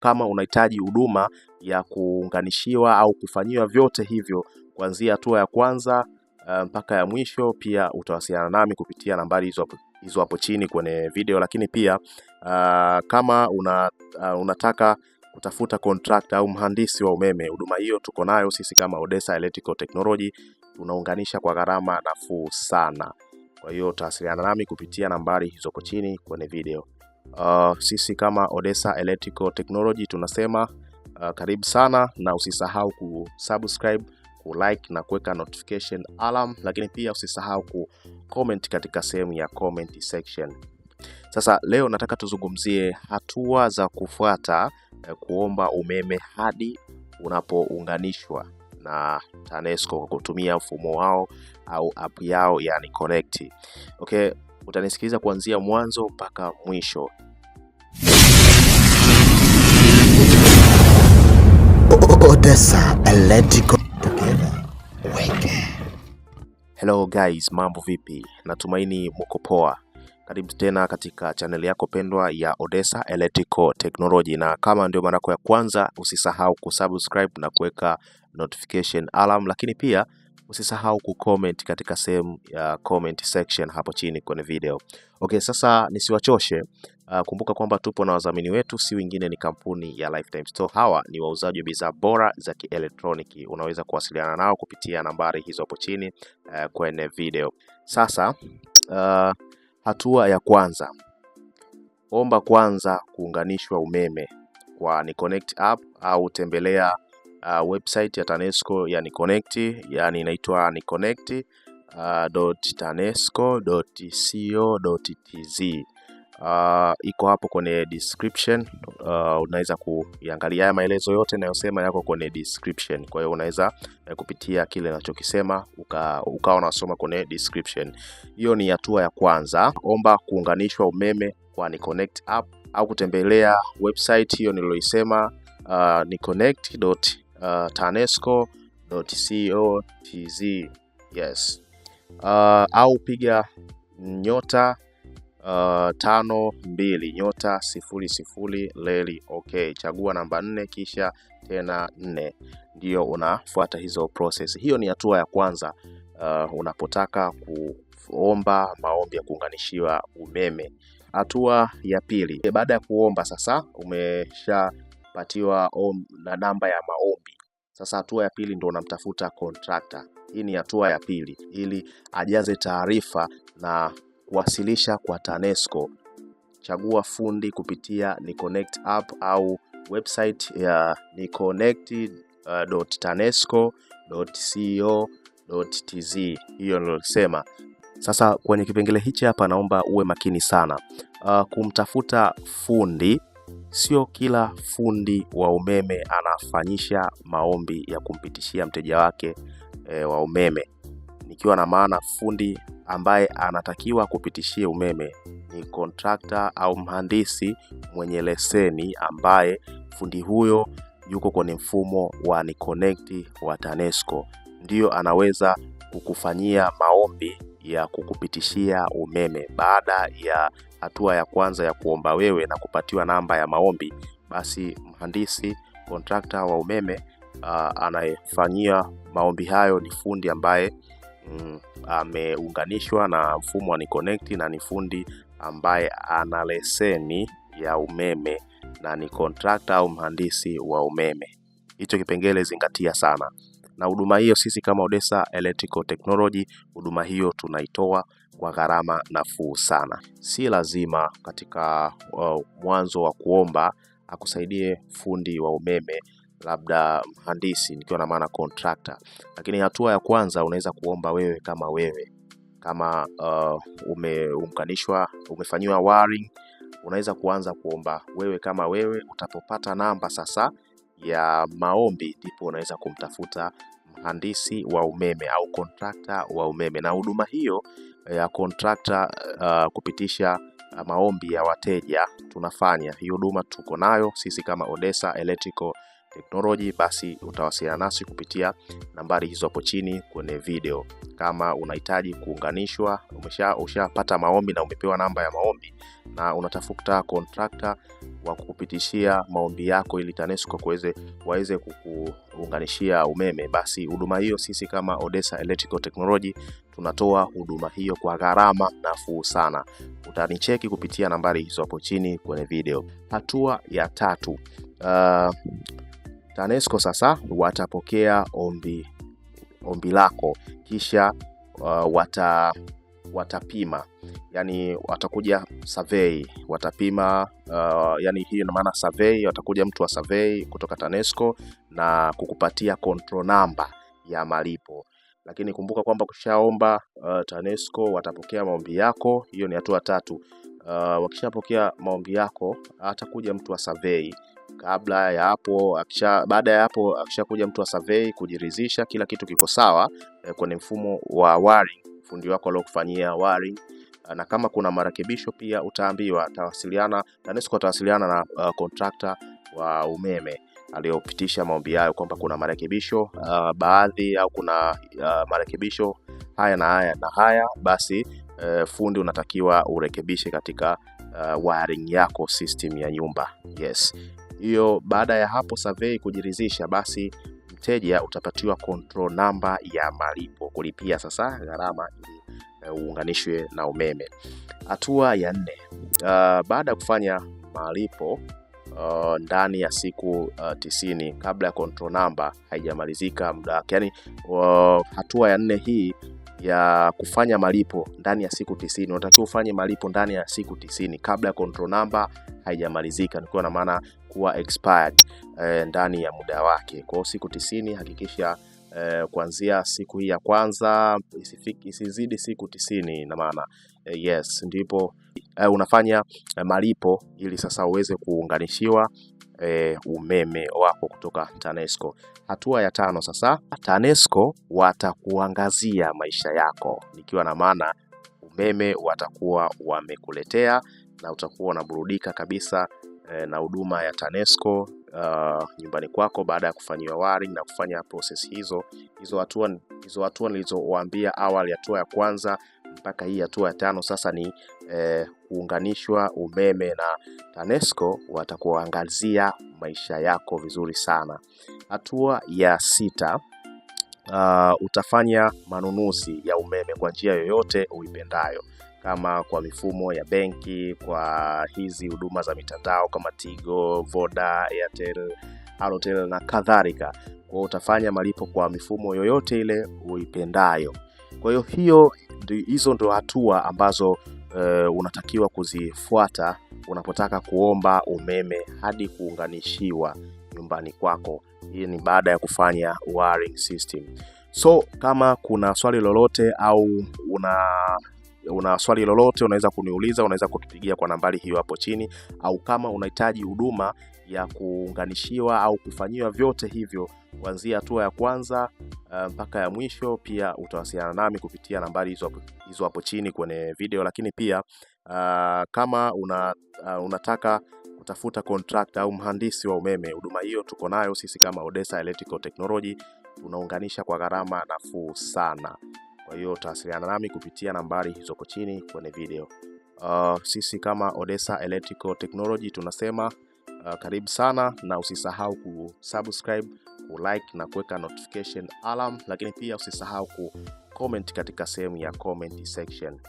kama unahitaji huduma ya kuunganishiwa au kufanyiwa vyote hivyo kuanzia hatua ya kwanza eh, mpaka ya mwisho, pia utawasiliana nami kupitia nambari hizo hapo hizo hapo chini kwenye video. Lakini pia uh, kama una, uh, unataka kutafuta kontrakta au mhandisi wa umeme, huduma hiyo tuko nayo sisi kama Odessa Electrical Technology, tunaunganisha kwa gharama nafuu sana. Kwa hiyo utawasiliana nami kupitia nambari hizo hapo chini kwenye video uh, sisi kama Odessa Electrical Technology tunasema uh, karibu sana, na usisahau kusubscribe, kulike na kuweka notification alarm, lakini pia usisahau kucomment katika sehemu ya comment section. Sasa leo nataka tuzungumzie hatua za kufuata eh, kuomba umeme hadi unapounganishwa na TANESCO kwa kutumia mfumo wao au app yao yani Connect. Okay, utanisikiliza kuanzia mwanzo mpaka mwisho pesa and together. Weke. Hello guys, mambo vipi? Natumaini mko poa. Karibu tena katika chaneli yako pendwa ya Odessa Electrical Technology, na kama ndio mara yako ya kwanza, usisahau kusubscribe na kuweka notification alarm, lakini pia Usisahau kucomment katika sehemu ya comment section hapo chini kwenye video. Okay, sasa nisiwachoshe. Uh, kumbuka kwamba tupo na wadhamini wetu, si wengine ni kampuni ya Lifetime Store. Hawa ni wauzaji wa bidhaa bora za kielektroniki. Unaweza kuwasiliana nao kupitia nambari hizo hapo chini uh, kwenye video. Sasa uh, hatua ya kwanza, omba kwanza kuunganishwa umeme kwa Ni Connect app au tembelea uh, website ya TANESCO ya NiConnect, yani inaitwa niconnect.tanesco.co.tz. Uh, uh, iko hapo kwenye description uh, unaweza kuiangalia haya maelezo yote nayosema yako kwenye description. Kwa hiyo unaweza eh, kupitia kile nachokisema ukawa uka unasoma kwenye description. Hiyo ni hatua ya kwanza, omba kuunganishwa umeme kwa NiConnect app au kutembelea website hiyo niloisema, uh, niconnect uh, tz yes. Uh, au piga nyota uh, tano mbili nyota sifuri sifuri leli ok chagua namba nne kisha tena nne, ndio unafuata hizo proses Hiyo ni hatua ya kwanza uh, unapotaka kuomba maombi ya kuunganishiwa umeme. Hatua ya pili, baada ya kuomba sasa umesha unapatiwa om, na namba ya maombi. Sasa hatua ya pili ndo unamtafuta contractor. Hii ni hatua ya pili ili ajaze taarifa na kuwasilisha kwa TANESCO. Chagua fundi kupitia NiConnect app au website ya niconnect.tanesco.co.tz. Eh, Hiyo nilisema. Sasa kwenye kipengele hichi hapa, naomba uwe makini sana. Uh, kumtafuta fundi Sio kila fundi wa umeme anafanyisha maombi ya kumpitishia mteja wake e, wa umeme, nikiwa na maana fundi ambaye anatakiwa kupitishia umeme ni kontrakta au mhandisi mwenye leseni ambaye fundi huyo yuko kwenye mfumo wa NICONNECT wa TANESCO, ndiyo anaweza kukufanyia maombi ya kukupitishia umeme baada ya hatua ya kwanza ya kuomba wewe na kupatiwa namba ya maombi, basi mhandisi kontrakta wa umeme uh, anayefanyia maombi hayo ni fundi ambaye mm, ameunganishwa na mfumo wa Niconnect na ni fundi ambaye ana leseni ya umeme na ni kontrakta au mhandisi wa umeme. Hicho kipengele zingatia sana na huduma hiyo sisi kama Odessa Electrical Technology, huduma hiyo tunaitoa kwa gharama nafuu sana. Si lazima katika uh, mwanzo wa kuomba akusaidie fundi wa umeme labda mhandisi, nikiwa na maana contractor, lakini hatua ya kwanza unaweza kuomba wewe kama wewe kama uh, umeunganishwa umefanyiwa wiring, unaweza kuanza kuomba wewe kama wewe. Utapopata namba sasa ya maombi, ndipo unaweza kumtafuta mhandisi wa umeme au kontrakta wa umeme, na huduma hiyo eh, ya kontrakta uh, eh, kupitisha maombi ya wateja tunafanya hii huduma, tuko nayo sisi kama Odessa Electrical Technology. Basi utawasiliana nasi kupitia nambari hizo hapo chini kwenye video. Kama unahitaji kuunganishwa, umeshapata maombi na umepewa namba ya maombi na unatafuta kontrakta wa kupitishia maombi yako ili TANESCO kuweze waweze kukuunganishia umeme, basi huduma hiyo sisi kama Odessa Electrical Technology tunatoa huduma hiyo kwa gharama nafuu sana. Utanicheki kupitia nambari hizo hapo chini kwenye video. Hatua ya tatu, uh, TANESCO sasa watapokea ombi ombi lako kisha uh, wata watapima, yani watakuja survey, watapima uh, yani hiyo ina maana survey, watakuja mtu wa survey kutoka TANESCO na kukupatia control number ya malipo lakini kumbuka kwamba kushaomba uh, TANESCO watapokea maombi yako. Hiyo ni hatua tatu. Uh, wakishapokea maombi yako atakuja mtu wa survey. Kabla ya hapo akisha, baada ya hapo akishakuja mtu wa survey kujiridhisha kila kitu kiko sawa eh, kwenye mfumo wa wiring fundi wako aliokufanyia wiring ah, na kama kuna marekebisho pia utaambiwa, atawasiliana TANESCO atawasiliana na uh, ah, kontrakta wa umeme aliyopitisha maombi yayo kwamba kuna marekebisho uh, baadhi au kuna uh, marekebisho haya na haya na haya, basi uh, fundi unatakiwa urekebishe katika uh, wiring yako system ya nyumba. Yes, hiyo baada ya hapo survey kujirizisha basi mteja utapatiwa control namba ya malipo kulipia sasa gharama ili eh, uunganishwe na umeme. Hatua ya nne, uh, baada ya kufanya malipo Uh, ndani ya siku uh, tisini kabla ya control namba haijamalizika muda wake. yani uh, hatua ya nne hii ya kufanya malipo ndani ya siku tisini. Unatakiwa ufanye malipo ndani ya siku tisini kabla ya control number haijamalizika, nikiwa na maana kuwa expired eh, ndani ya muda wake. Kwa hiyo siku tisini hakikisha eh, kuanzia siku hii ya kwanza isizidi siku tisini na maana yes, ndipo uh, unafanya uh, malipo ili sasa uweze kuunganishiwa E, umeme wako kutoka TANESCO. Hatua ya tano sasa, TANESCO watakuangazia maisha yako, nikiwa na maana umeme watakuwa wamekuletea na utakuwa unaburudika kabisa e, na huduma ya TANESCO uh, nyumbani kwako baada ya kufanyiwa wiring na kufanya process hizo hizo hatua hizo hatua nilizowaambia awali, hatua ya kwanza mpaka hii hatua ya tano sasa ni eh, kuunganishwa umeme na TANESCO watakuangazia maisha yako vizuri sana. Hatua ya sita uh, utafanya manunuzi ya umeme kwa njia yoyote uipendayo kama kwa mifumo ya benki, kwa hizi huduma za mitandao kama Tigo, Voda, Airtel, Halotel na kadhalika. Kwa utafanya malipo kwa mifumo yoyote ile uipendayo. Kwa hiyo hiyo hizo ndio hatua ambazo uh, unatakiwa kuzifuata unapotaka kuomba umeme hadi kuunganishiwa nyumbani kwako. Hii ni baada ya kufanya wiring system. So kama kuna swali lolote au una una swali lolote, unaweza kuniuliza, unaweza kutupigia kwa nambari hiyo hapo chini, au kama unahitaji huduma ya kuunganishiwa au kufanyiwa vyote hivyo kuanzia hatua ya kwanza eh, mpaka ya mwisho. Pia utawasiliana nami kupitia nambari hizo hizo hapo chini kwenye video, lakini pia uh, kama una, uh, unataka kutafuta contractor au mhandisi wa umeme, huduma hiyo tuko nayo sisi kama Odessa Electrical Technology, tunaunganisha kwa gharama nafuu sana. Kwa hiyo utawasiliana nami kupitia nambari hapo chini kwenye video. Uh, sisi kama Odessa Electrical Technology tunasema Uh, karibu sana na usisahau kusubscribe, kulike na kuweka notification alarm, lakini pia usisahau kucomment katika sehemu ya comment section.